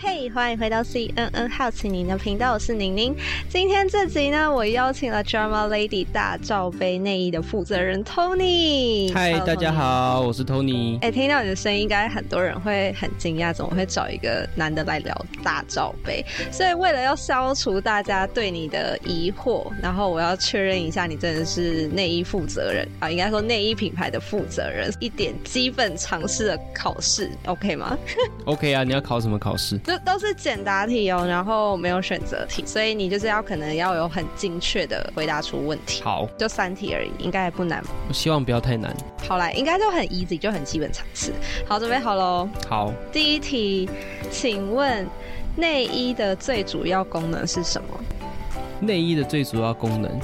嘿，hey, 歡迎回到 C N N 好奇你的頻道，我是寧寧。今天這集呢，我邀請了 Drama Lady 大罩杯內衣的負責人 Tony。嗨，Hi, oh, Tony. 大家好，我是 Tony。哎、欸，聽到你的聲音，應該很多人會很驚訝，怎麼會找一個男的來聊大罩杯？所以為了要消除大家對你的疑惑，然後我要確認一下，你真的是內衣負責人啊？應該說內衣品牌的負責人，一點基本常識的考試，OK 嗎 ？OK 啊，你要考什麼考試？都，都是簡答題哦，然後沒有選擇題，所以你就是要可能要有很精確的回答出問題。好，就三題而已，應該也不難。我希望不要太難。好，來，應該就很 easy，就很基本常識。好，準備好嘍。好，第一題，請問內衣的最主要功能是什麼？內衣的最主要功能，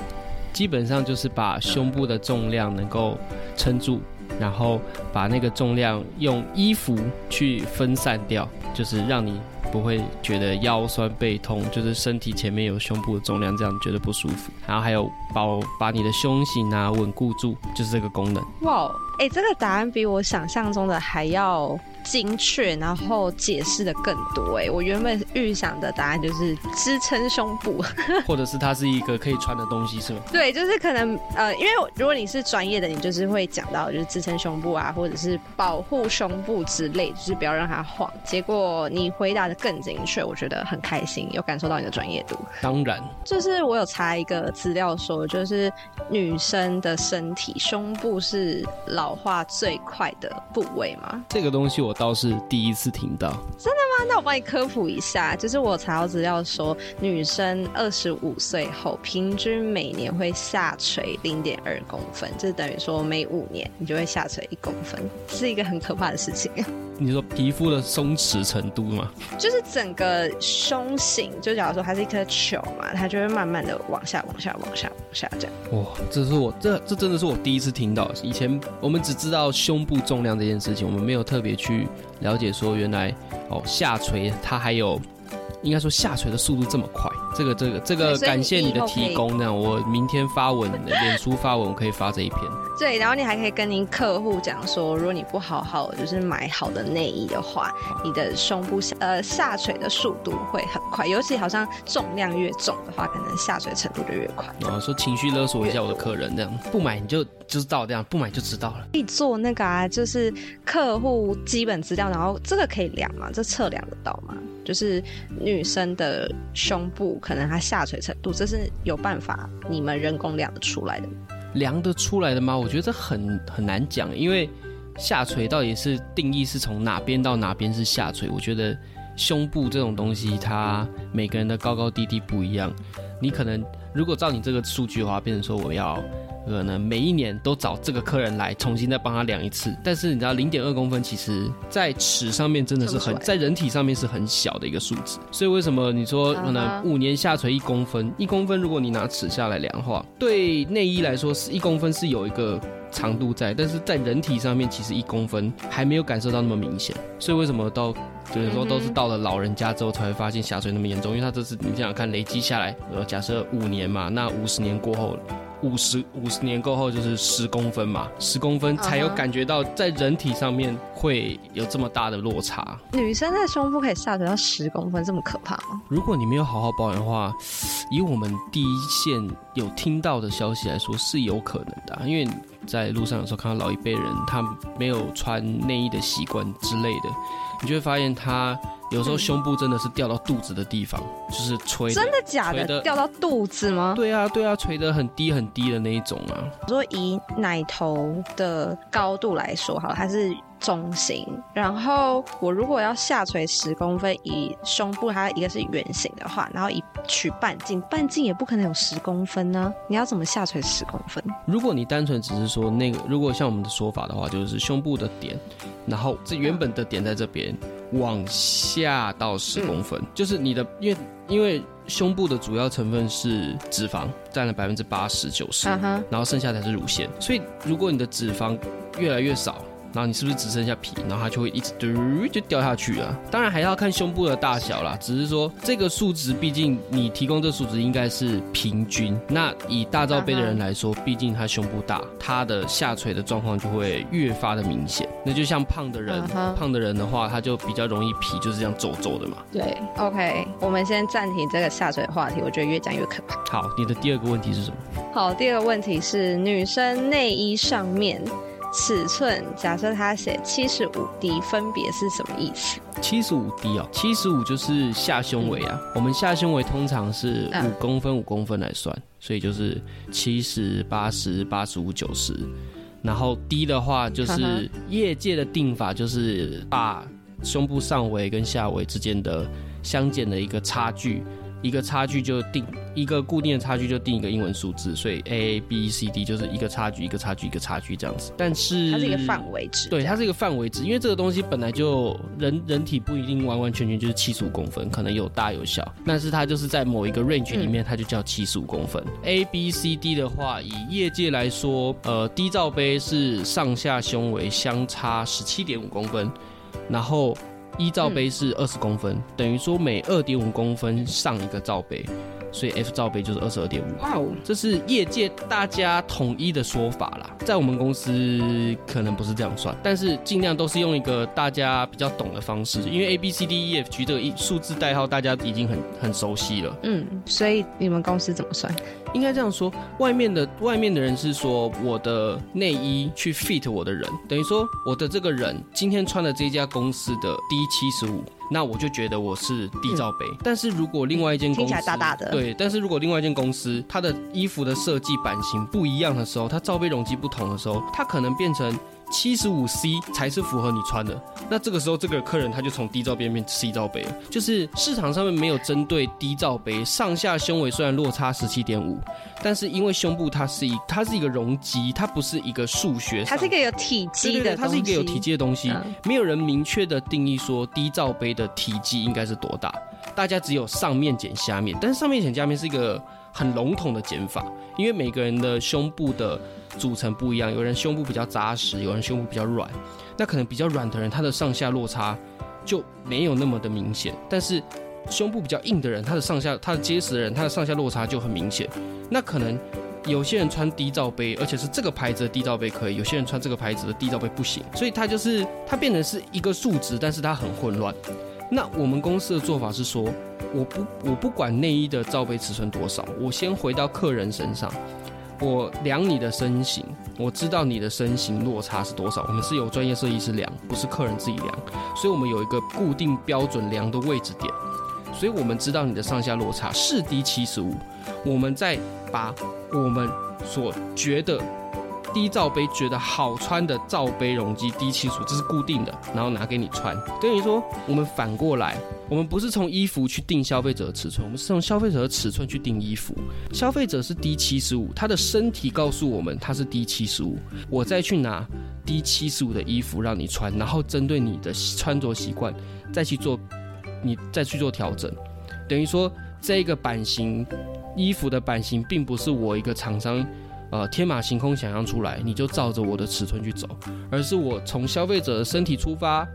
基本上就是把胸部的重量能夠撐住，然後把那個重量用衣服去分散掉，就是讓你。不會覺得腰酸背痛，就是身體前面有胸部的重量，這樣覺得不舒服。然後還有保把你的胸型啊穩固住，就是這個功能。哇，哎，這個答案比我想象中的還要。精確，然後解釋的更多。哎，我原本預想的答案就是支撐胸部， 或者是它是一個可以穿的東西，是嗎？對，就是可能呃，因為如果你是專業的，你就是會講到就是支撐胸部啊，或者是保護胸部之類，就是不要讓它晃。結果你回答的更精確，我覺得很開心，有感受到你的專業度。當然，就是我有查一個資料說，就是女生的身體胸部是老化最快的部位嗎？這個東西我。倒是第一次聽到，真的嗎？那我幫你科普一下，就是我查到資料說，女生二十五歲後，平均每年會下垂零點二公分，就等於說每五年你就會下垂一公分，是一個很可怕的事情。你說皮膚的鬆弛程度嗎？就是整個胸型，就假如說它是一顆球嘛，它就會慢慢的往下、往下、往下、往下這樣。哇、哦，這是我這這真的是我第一次聽到。以前我們只知道胸部重量這件事情，我們沒有特別去了解說，原來哦下垂它還有，應該說下垂的速度這麼快。這個這個這個，這個，感謝你的提供，以以那我明天發文、臉 書發文，我可以發這一篇。對，然後你還可以跟您客戶講說，如果你不好好就是買好的內衣的話，好你的胸部下呃下垂的速度會很快，尤其好像重量越重的話，可能下垂程度就越快。然後說情緒勒索一下我的客人，多這樣不買你就就是這樣，不買就知道了。可以做那個啊，就是客戶基本資料，然後這個可以量嗎？這測量得到嗎？就是女生的胸部。可能它下垂程度，這是有辦法你們人工量得出來的，量得出來的嗎？我覺得這很很難講，因為下垂到底是定義是從哪邊到哪邊是下垂？我覺得胸部這種東西，它每個人的高高低低不一樣。你可能如果照你這個數據的話，變成說我要。可能每一年都找這個客人來重新再幫他量一次，但是你知道零點二公分，其實在尺上面真的是很，在人體上面是很小的一個數字。所以為什麼你說可能五年下垂一公分？一公分如果你拿尺下來量的話，對內衣來說是一公分是有一個長度在，但是在人體上面其實一公分還沒有感受到那麼明顯。所以為什麼到就是說都是到了老人家之後才會發現下垂那麼嚴重？因為他這次你想想看，累積下來，假設五年嘛，那五十年過後。五十五十年過後就是十公分嘛，十公分才有感覺到在人體上面會有這麼大的落差。Uh huh. 女生的胸部可以下垂到十公分，這麼可怕嗎？如果你沒有好好保養的話，以我們第一線有聽到的消息來說是有可能的啊。因為在路上有時候看到老一輩人，他沒有穿內衣的習慣之類的，你就會發現他。有時候胸部真的是掉到肚子的地方，嗯、就是垂，真的假的？的掉到肚子嗎？對啊，對啊，垂得很低很低的那一種啊。如果以奶頭的高度來說，好，它是中型。然後我如果要下垂十公分，以胸部它一個是圓形的話，然後以取半徑，半徑也不可能有十公分呢、啊。你要怎麼下垂十公分？如果你單純只是說那個，如果像我們的說法的話，就是胸部的點，然後這原本的點在這邊。往下到十公分，嗯、就是你的，因為因為胸部的主要成分是脂肪，占了百分之八十九十，uh huh、然後剩下的才是乳腺，所以如果你的脂肪越來越少。然後你是不是只剩下皮，然後它就會一直嘟就掉下去了？當然還要看胸部的大小啦。只是說這個數值，畢竟你提供這數值應該是平均。那以大罩杯的人來說，畢、uh huh. 竟它胸部大，它的下垂的狀況就會越發的明顯。那就像胖的人，uh huh. 胖的人的話，他就比較容易皮就是這樣皺皺的嘛。對，OK，我們先暫停這個下垂的話題，我覺得越講越可怕。好，你的第二個問題是什麼？好，第二個問題是女生內衣上面。尺寸，假設他寫七十五 D，分別是什麼意思？七十五 D 哦、喔，七十五就是下胸圍啊。我們下胸圍通常是五公分五公分來算，uh. 所以就是七十八十、八十五九十。然後 D 的話，就是業界的定法，就是把胸部上圍跟下圍之間的相減的一個差距。一個差距，就定一個固定的差距，就定一個英文數字，所以 A B C D 就是一個差距一個差距一個差距這樣子。但是它是一個範圍值，對，它是一個範圍值，因為這個東西本來就人人體不一定完完全全就是七十五公分，可能有大有小，但是它就是在某一個 range 裡面，嗯、它就叫七十五公分。A B C D 的話，以業界來說，呃，D 罩杯，是上下胸圍相差十七點五公分，然後。一罩杯是二十公分，嗯、等於說每二點五公分上一個罩杯，所以 F 罩杯就是二十二點五。哇 Wow，這是業界大家統一的說法啦，在我們公司可能不是這樣算，但是盡量都是用一個大家比較懂的方式，因為 A B C D E F G 這個一數字代號大家已經很很熟悉了。嗯，所以你們公司怎麼算？應該這樣說，外面的外面的人是說我的內衣去 fit 我的人，等於說我的這個人今天穿的這家公司的 D 七十五，那我就覺得我是 D 罩杯。嗯、但是如果另外一間公司，嗯、聽起來大大的，對，但是如果另外一間公司它的衣服的設計版型不一樣的時候，它罩杯容積不同的時候，它可能變成。七十五 C 才是符合你穿的。那這個時候這個客人他就從 D 罩杯變 C 罩杯，就是市場上面沒有針對 D 罩杯，上下胸圍雖然落差十七點五，但是因為胸部它是一它是一個容積，它不是一個數學，它個，對對對，它是一個有體積的。對對它是一個有體積的東西。沒有人明確的定義說 D 罩杯的體積應該是多大，大家只有上面減下面，但是上面減下面是一個很籠統的減法，因為每個人的胸部的組成不一樣，有人胸部比較扎實，有人胸部比較軟，那可能比較軟的人，他的上下落差就沒有那麼的明顯。但是胸部比較硬的人，他的上下，他的結實的人，他的上下落差就很明顯。那可能有些人穿 D 罩杯，而且是這個牌子的 D 罩杯可以，有些人穿這個牌子的 D 罩杯不行。所以它就是它變成是一個數值，但是它很混亂。那我們公司的做法是說，我不我不管內衣的罩杯尺寸多少，我先回到客人身上。我量你的身形，我知道你的身形落差是多少。我們是有專業設計師量，不是客人自己量，所以我們有一個固定標準量的位置點，所以我們知道你的上下落差是 D 七十五。我們再把我們所覺得。D 罩杯覺得好穿的罩杯容積 D 七十五，這是固定的，然後拿給你穿。等於說，我們反過來，我們不是從衣服去定消費者的尺寸，我們是從消費者的尺寸去定衣服。消費者是 D 七十五，他的身體告訴我們他是 D 七十五，我再去拿 D 七十五的衣服讓你穿，然後針對你的穿着習慣再去做，你再去做調整。等於說，這個版型衣服的版型並不是我一個廠商。呃，天馬行空想象出來，你就照着我的尺寸去走，而是我從消費者的身體出發，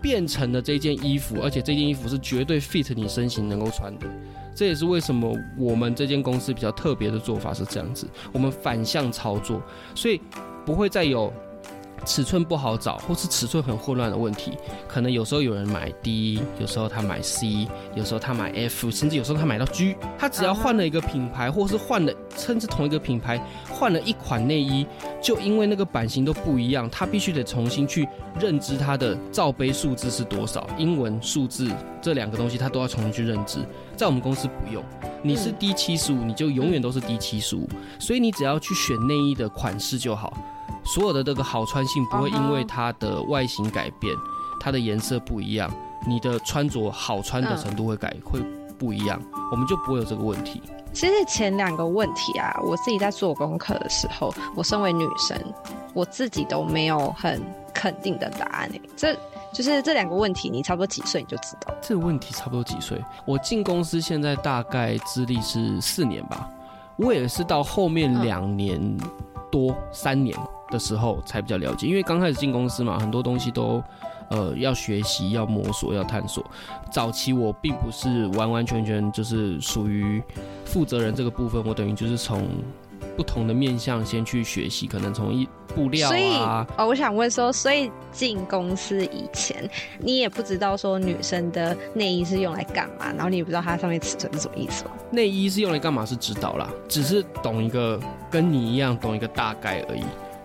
變成了這件衣服，而且這件衣服是絕對 fit 你身形能夠穿的。這也是為什麼我們這間公司比較特別的做法是這樣子，我們反向操作，所以不會再有。尺寸不好找，或是尺寸很混亂的問題，可能有時候有人買 D，有時候他買 C，有時候他買 F，甚至有時候他買到 G，他只要換了一個品牌，或是換了，甚至同一個品牌換了一款內衣，就因為那個版型都不一樣，他必須得重新去認知它的罩杯數字是多少，英文數字這兩個東西他都要重新去認知。在我們公司不用，你是 D 七十五，你就永遠都是 D 七十五，所以你只要去選內衣的款式就好。所有的這個好穿性不會因為它的外形改變，uh huh. 它的顏色不一樣，你的穿着好穿的程度會改、嗯、會不一樣，我們就不會有這個問題。其實前兩個問題啊，我自己在做功課的時候，我身為女生，我自己都沒有很肯定的答案、欸、這就是這兩個問題，你差不多幾歲你就知道。這個問題差不多幾歲？我進公司現在大概資歷是四年吧，我也是到後面兩年多嗯嗯三年。的時候才比較了解，因為剛開始進公司嘛，很多東西都，呃，要學習、要摸索、要探索。早期我並不是完完全全就是屬於負責人這個部分，我等於就是從不同的面向先去學習，可能從一布料啊。所以哦，我想問說，所以進公司以前，你也不知道說女生的內衣是用來幹嘛，然後你也不知道它上面尺寸是什麼意思嗎？內衣是用來幹嘛是知道啦，只是懂一個跟你一樣懂一個大概而已。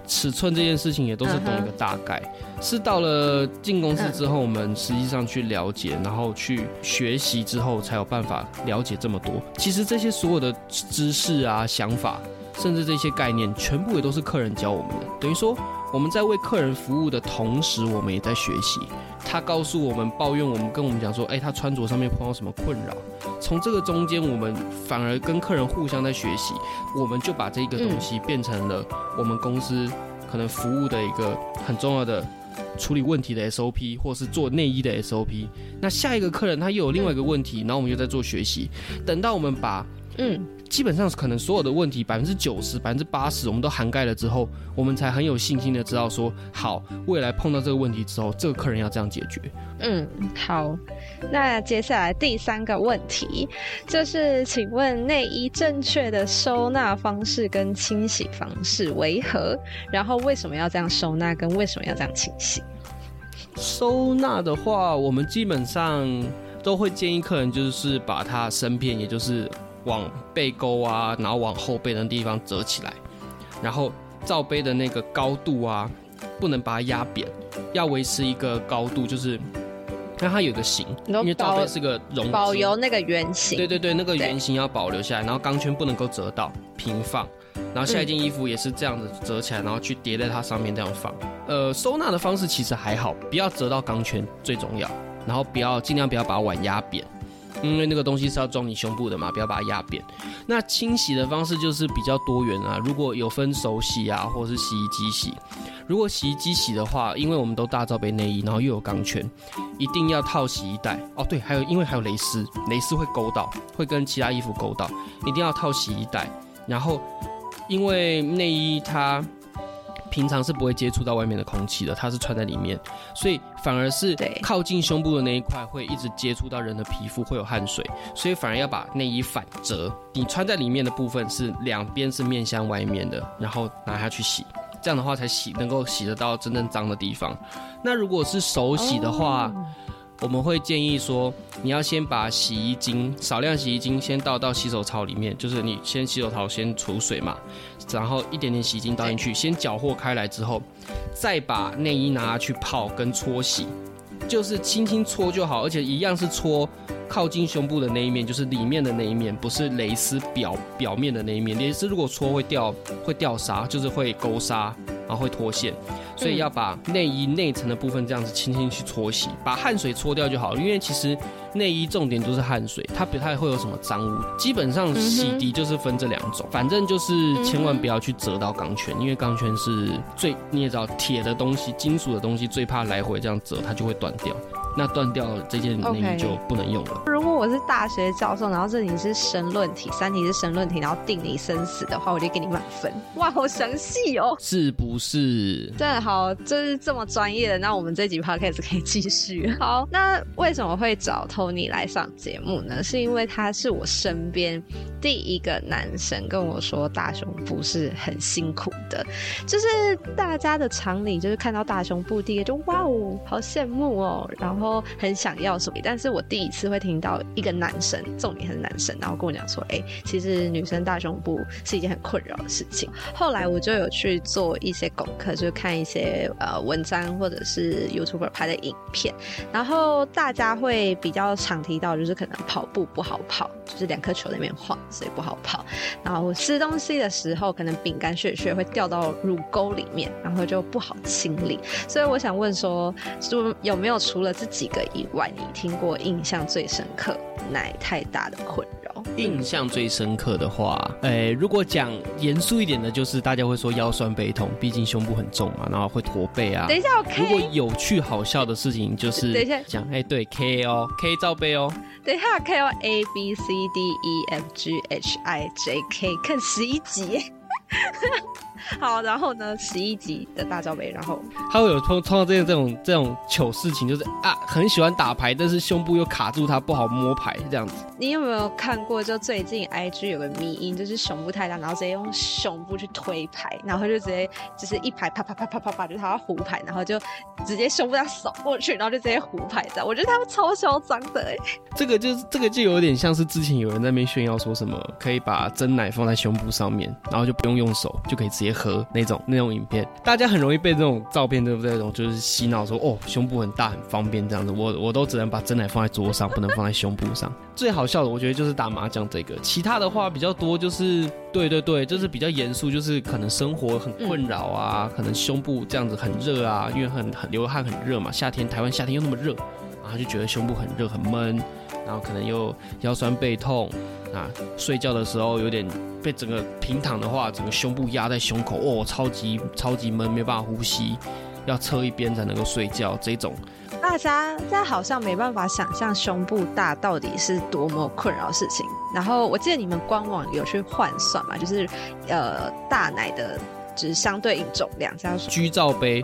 尺寸這件事情也都是懂一個大概，uh huh. 是到了進公司之後，我們實際上去了解，uh huh. 然後去學習之後，才有辦法了解這麼多。其實這些所有的知識啊、想法，甚至這些概念，全部也都是客人教我們的。等於說，我們在為客人服務的同時，我們也在學習。他告訴我們抱怨，我們跟我們講說，哎，他穿着上面碰到什麼困擾。從這個中間，我們反而跟客人互相在學習，我們就把這個東西變成了我們公司可能服務的一個很重要的處理問題的 SOP，或是做內衣的 SOP。那下一個客人他又有另外一個問題，嗯。然後我們又在做學習。等到我們把。嗯，基本上可能所有的問題百分之九十、百分之八十我們都涵蓋了之後，我們才很有信心的知道說，好，未來碰到這個問題之後，這個客人要這樣解決。嗯，好，那接下來第三個問題就是，請問內衣正確的收納方式跟清洗方式為何？然後為什麼要這樣收納？跟為什麼要這樣清洗？收納的話，我們基本上都會建議客人就是把它伸片，也就是。往背溝啊，然後往後背的地方折起來，然後罩杯的那個高度啊，不能把它壓扁，嗯、要維持一個高度，就是因它有個形，因為罩杯是個容器，保留那個圓形。對對對，那個圓形要保留下來，對然後鋼圈不能夠折到平放，然後下一件衣服也是這樣子折起來，嗯、然後去疊在它上面這樣放。呃，收納的方式其實還好，不要折到鋼圈最重要，然後不要儘量不要把碗壓扁。因為那個東西是要裝你胸部的嘛，不要把它壓扁。那清洗的方式就是比較多元啊，如果有分手洗啊，或者是洗衣機洗。如果洗衣機洗的話，因為我們都大罩杯內衣，然後又有鋼圈，一定要套洗衣袋。哦，對，還有因為還有蕾絲，蕾絲會勾到，會跟其他衣服勾到，一定要套洗衣袋。然後，因為內衣它。平常是不會接觸到外面的空氣的，它是穿在裡面，所以反而是靠近胸部的那一塊會一直接觸到人的皮膚，會有汗水，所以反而要把內衣反折，你穿在裡面的部分是兩邊是面向外面的，然後拿下去洗，這樣的話才洗能夠洗得到真正髒的地方。那如果是手洗的話，oh. 我們會建議說，你要先把洗衣精少量洗衣精先倒到洗手槽裡面，就是你先洗手槽先儲水嘛。然後一點點洗衣精倒進去，先攪和開來之後，再把內衣拿去泡跟搓洗，就是輕輕搓就好。而且一樣是搓靠近胸部的那一面，就是裡面的那一面，不是蕾絲表表面的那一面。蕾絲如果搓會掉，會掉紗，就是會勾紗。然後會脫線，所以要把內衣內層的部分這樣子輕輕去搓洗，把汗水搓掉就好了。因為其實內衣重點就是汗水，它不太會有什麼髒污。基本上洗滌就是分這兩種，反正就是千萬不要去折到鋼圈，因為鋼圈是最，你也知道，鐵的東西、金屬的東西最怕來回這樣折，它就會斷掉。那斷掉這件內衣 Okay. 就不能用了。如果我是大學教授，然後這裡是申論題，三題是申論題，然後定你生死的話，我就給你滿分。哇，好詳細哦，是不是？真的好，就是這麼專業的。那我們這集 podcast 可以繼續。好，那為什麼我會找 Tony 來上節目呢？是因為他是我身邊第一個男生跟我說大胸部是很辛苦的，就是大家的常理，就是看到大胸部第一個就哇哦，好羨慕哦，然後。都很想要什麼，但是我第一次會聽到一個男生，重點是男生，然後跟我講說，哎、欸，其實女生大胸部是一件很困擾的事情。後來我就有去做一些功課，就看一些呃文章或者是 YouTuber 拍的影片，然後大家會比較常提到，就是可能跑步不好跑，就是兩顆球在那邊晃，所以不好跑。然後吃東西的時候，可能餅乾屑屑會掉到乳溝裡面，然後就不好清理。所以我想問說，就有沒有除了自己幾個以外，你聽過印象最深刻、奶太大的困擾？嗯、印象最深刻的話，誒、欸，如果講嚴肅一點的，就是大家會說腰酸背痛，畢竟胸部很重嘛、啊，然後會駝背啊。等一下，K。不、okay、過有趣好笑的事情就是，等一下講，哎、欸，對，K 哦，K 罩杯哦。等一下，K O A B C D E F G H I J K，看十一集。 好，然後呢，十一級的大罩杯，然後他會有碰，碰到這這種這種糗事情，就是啊，很喜歡打牌，但是胸部又卡住他不好摸牌這樣子。你有沒有看過？就最近 IG 有個迷因，就是胸部太大，然後直接用胸部去推牌，然後就直接就是一排啪啪啪啪啪啪，就他要胡牌，然後就直接胸部要掃過去，然後就直接胡牌這樣。我覺得他們超囂張的哎、欸。這個就是這個就有點像是之前有人在那邊炫耀說什麼，可以把珍奶放在胸部上面，然後就不用用手就可以直接。結合那種那種影片，大家很容易被這種照片，對不對？那種就是洗腦說哦，胸部很大很方便這樣子。我我都只能把真奶放在桌上，不能放在胸部上。 最好笑的，我覺得就是打麻將這個。其他的話比較多，就是對對對，就是比較嚴肅，就是可能生活很困擾啊，可能胸部這樣子很熱啊，因為很很流汗很熱嘛，夏天台灣夏天又那麼熱，然後就覺得胸部很熱很悶。然後可能又腰酸背痛，啊，睡覺的時候有點被整個平躺的話，整個胸部壓在胸口，哦，超級超級悶，沒有辦法呼吸，要側一邊才能夠睡覺。這種大家在好像沒辦法想象胸部大到底是多麼困擾的事情。然後我記得你們官網有去換算嘛，就是呃大奶的就是相對應重量，叫居罩杯。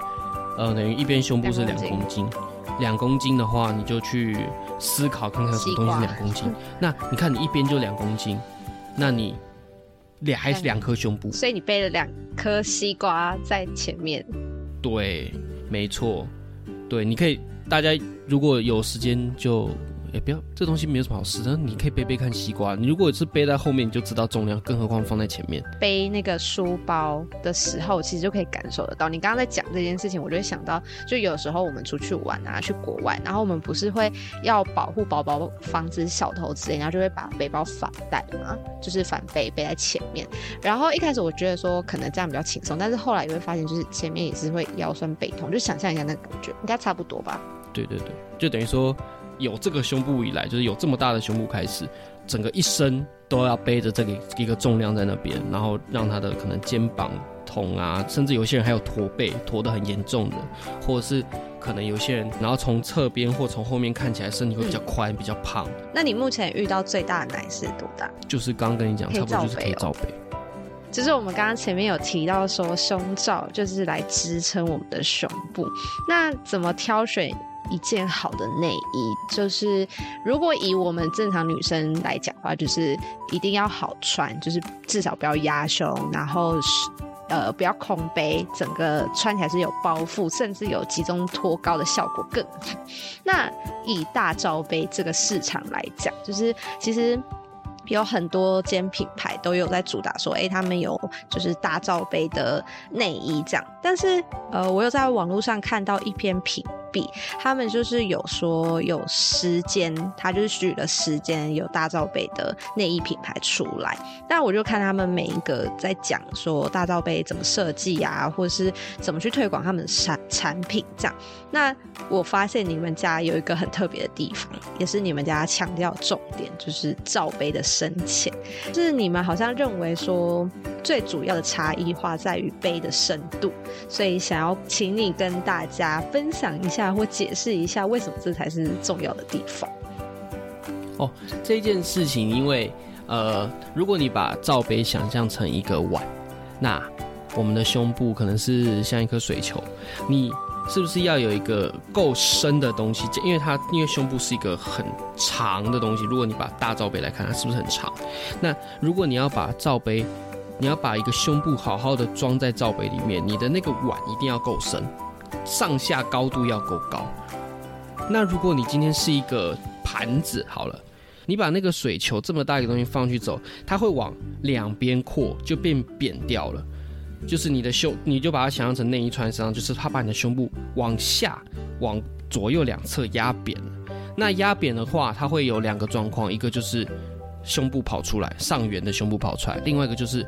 呃，等於一邊胸部是兩公斤，兩公斤，兩公斤的話，你就去思考看看什麼東西是兩公斤。西瓜。那你看你一邊就兩公斤，那你兩還是兩顆胸部？所以你背了兩顆西瓜在前面。對，沒錯，對，你可以，大家如果有時間就。也、欸、不要，這東西沒有什麼好吃的。你可以背背看西瓜，你如果也是背在後面，你就知道重量，更何況放在前面。背那個書包的時候，其實就可以感受得到。你剛剛在講這件事情，我就會想到，就有時候我們出去玩啊，去國外，然後我們不是會要保護寶寶，防止小偷之類，然後就會把背包反帶嘛，就是反背，背在前面。然後一開始我覺得說可能這樣比較輕鬆，但是後來你會發現，就是前面也是會腰酸背痛。就想象一下那個感覺，應該差不多吧？對對對，就等於說。有這個胸部以來，就是有這麼大的胸部開始，整個一生都要背着這個一個重量在那邊，然後讓他的可能肩膀痛啊，甚至有些人還有駝背，駝得很嚴重的，或者是可能有些人，然後從側邊或從後面看起來身體會比較寬、嗯、比較胖。那你目前遇到最大的奶是多大？就是剛剛跟你講，差不多就是 K 罩杯。哦。就是我們剛剛前面有提到說，胸罩就是來支撐我們的胸部，那怎麼挑選？一件好的內衣，就是如果以我們正常女生來講的話，就是一定要好穿，就是至少不要壓胸，然後呃不要空杯，整個穿起來是有包覆，甚至有集中托高的效果更好。那以大罩杯這個市場來講，就是其實有很多間品牌都有在主打說，哎、欸，他們有就是大罩杯的內衣這樣，但是呃，我又在網絡上看到一篇評。他們就是有說有時間，他就是許了時間，有大罩杯的內衣品牌出來。但我就看他們每一個在講說大罩杯怎麼設計啊，或者是怎麼去推廣他們產產品這樣。那我發現你們家有一個很特別的地方，也是你們家強調重點，就是罩杯的深淺。就是你們好像認為說最主要的差異化在於杯的深度，所以想要請你跟大家分享一下，或解釋一下為什麼這才是重要的地方？哦，這件事情，因為呃，如果你把罩杯想象成一個碗，那我們的胸部可能是像一顆水球，你是不是要有一個夠深的東西？因為它因為胸部是一個很長的東西，如果你把大罩杯來看，它是不是很長？那如果你要把罩杯，你要把一個胸部好好的裝在罩杯裡面，你的那個碗一定要夠深。上下高度要夠高。那如果你今天是一個盤子，好了，你把那個水球這麼大一個東西放去走，它會往兩邊擴，就變扁掉了。就是你的胸，你就把它想象成內衣穿身上，就是它把你的胸部往下、往左右兩側壓扁。那壓扁的話，它會有兩個狀況，一個就是胸部跑出來，上緣的胸部跑出來；另外一個就是。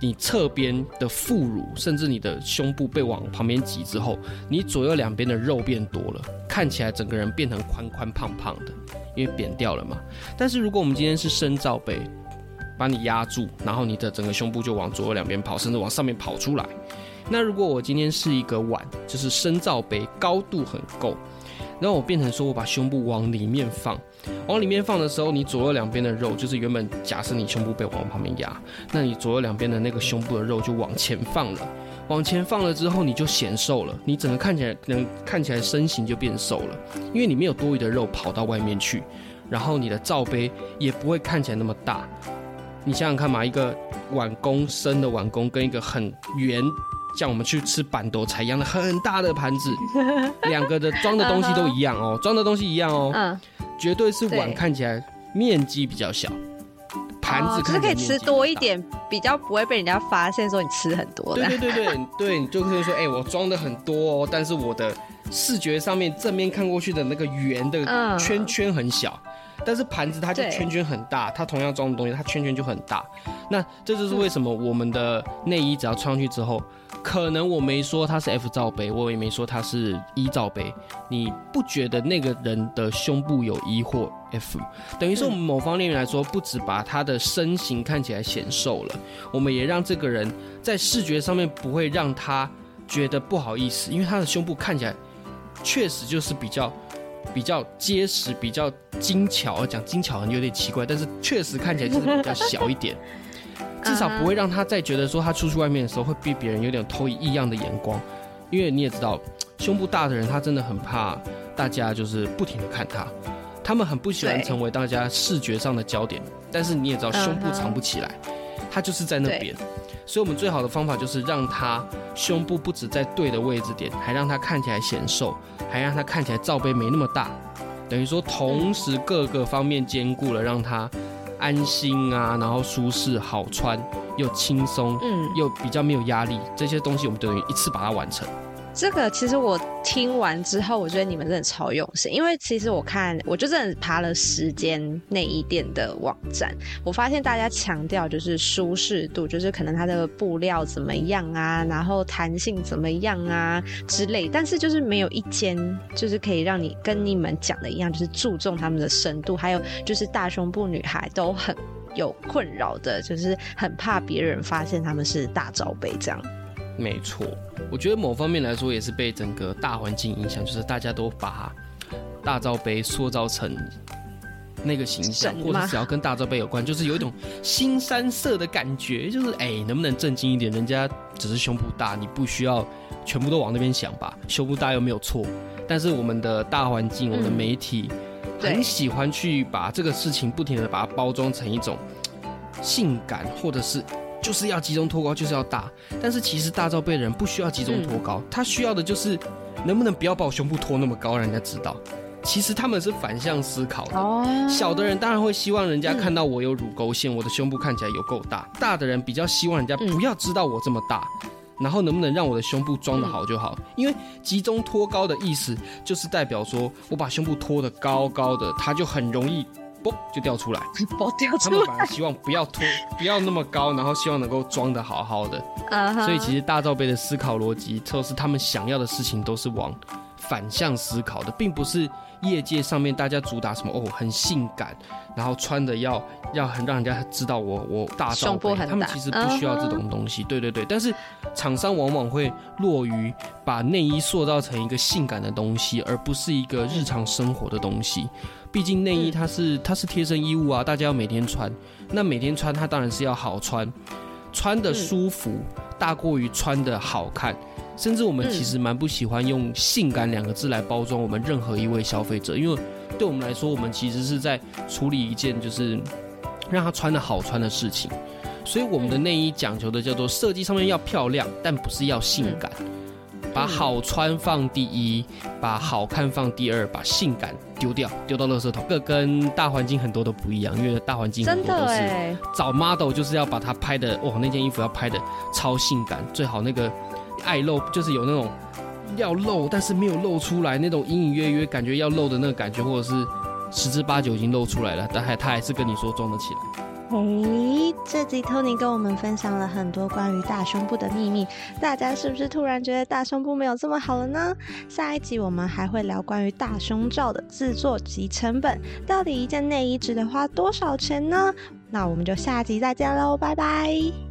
你側邊的副乳，甚至你的胸部被往旁邊擠之後，你左右兩邊的肉變多了，看起來整個人變成寬寬胖胖的，因為扁掉了嘛。但是如果我們今天是深罩杯，把你壓住，然後你的整個胸部就往左右兩邊跑，甚至往上面跑出來。那如果我今天是一個碗，就是深罩杯，高度很夠。然後我變成說，我把胸部往裡面放，往裡面放的時候，你左右兩邊的肉就是原本假設你胸部被往旁邊壓，那你左右兩邊的那個胸部的肉就往前放了，往前放了之後，你就顯瘦了，你整個看起來能看起來身形就變瘦了，因為你沒有多餘的肉跑到外面去，然後你的罩杯也不會看起來那麼大。你想想看嘛，一個碗公深的碗公跟一個很圓。像我們去吃板豆菜一樣的很大的盤子，兩 個的裝的東西都一樣哦，裝、uh oh. 的東西一樣哦，uh huh. 絕對是碗看起來面積比較小，盤、uh huh. 子可是可以吃多一點，比較不會被人家發現說你吃很多的，uh huh. 對對對對，對，你就可以說哎、欸，我裝的很多、哦，但是我的視覺上面正面看過去的那個圓的圈圈很小。Uh huh. 但是盤子它就圈圈很大，對它同樣裝的東西，它圈圈就很大。那這就是為什麼我們的內衣只要穿上去之後，嗯、可能我沒說它是 F 罩杯，我也沒說它是 E 罩杯。你不覺得那個人的胸部有 E 或 F？等於說我們某方面來說，嗯、不只把他的身形看起來顯瘦了，我們也讓這個人在視覺上面不會讓他覺得不好意思，因為他的胸部看起來確實就是比較。比較結實，比較精巧。講精巧很有點奇怪，但是確實看起來就是比較小一點， 至少不會讓他再覺得說他出去外面的時候會被別人有點投以異樣的眼光。因為你也知道，胸部大的人他真的很怕大家就是不停的看他，他們很不喜歡成為大家視覺上的焦點。對但是你也知道，胸部藏不起來。 他就是在那邊，對所以我們最好的方法就是讓他胸部不止在對的位置點，嗯、還讓他看起來顯瘦，還讓他看起來罩杯沒那麼大，等於說同時各個方面兼顧了，讓他安心啊，然後舒適好穿又輕鬆，嗯，又比較沒有壓力，這些東西我們等於一次把它完成。這個其實我聽完之後，我覺得你們真的超用心，因為其實我看，我就真的爬了十間內衣店的網站，我發現大家強調就是舒適度，就是可能它的布料怎麼樣啊，然後彈性怎麼樣啊之類，但是就是沒有一間就是可以讓你跟你們講的一樣，就是注重他們的深度，還有就是大胸部女孩都很有困擾的，就是很怕別人發現他們是大罩杯這樣。沒錯，我覺得某方面來說也是被整個大環境影響，就是大家都把大罩杯塑造成那個形象，麼或者只要跟大罩杯有關，就是有一種腥羶色的感覺，就是哎、欸，能不能正經一點？人家只是胸部大，你不需要全部都往那邊想吧？胸部大又沒有錯，但是我們的大環境，嗯、我們的媒體很喜歡去把這個事情不停的把它包裝成一種性感，或者是。就是要集中托高，就是要大。但是其實大罩杯的人不需要集中托高，嗯、他需要的就是能不能不要把我胸部托那麼高，讓人家知道。其實他們是反向思考的。哦、小的人當然會希望人家看到我有乳溝線，嗯、我的胸部看起來有夠大。大的人比較希望人家不要知道我這麼大，嗯、然後能不能讓我的胸部裝得好就好。嗯、因為集中托高的意思就是代表說我把胸部托得高高的，他就很容易。嘣就掉出來，出來。他們反而希望不要拖，不要那麼高，然後希望能夠裝得好好的。Uh huh. 所以其實大罩杯的思考邏輯，都是他們想要的事情，都是往反向思考的，並不是業界上面大家主打什麼哦，很性感，然後穿的要要很讓人家知道我我大罩杯，胸波很大。他們其實不需要這種東西，uh huh. 對對對。但是廠商往往會落於把內衣塑造成一個性感的東西，而不是一個日常生活的東西。畢竟內衣它是它是貼身衣物啊，大家要每天穿，那每天穿它當然是要好穿，穿得舒服大過於穿得好看，甚至我們其實蠻不喜歡用性感兩個字來包裝我們任何一位消費者，因為對我們來說，我們其實是在處理一件就是讓它穿得好穿的事情，所以我們的內衣講求的叫做設計上面要漂亮，但不是要性感。把好穿放第一，把好看放第二，把性感丟掉，丟到垃圾桶。這跟大環境很多都不一樣，因為大環境很多都是找 model，就是要把它拍的，哇，那件衣服要拍的超性感，最好那個愛露就是有那種要露但是沒有露出來那種隱隱約約感覺要露的那個感覺，或者是十之八九已經露出來了，但還他還是跟你說裝得起來。嘿、嗯，這集 Tony 跟我們分享了很多關於大胸部的秘密，大家是不是突然覺得大胸部沒有這麼好了呢？下一集我們還會聊關於大胸罩的制作及成本，到底一件內衣值得花多少錢呢？那我們就下一集再見嘍，拜拜。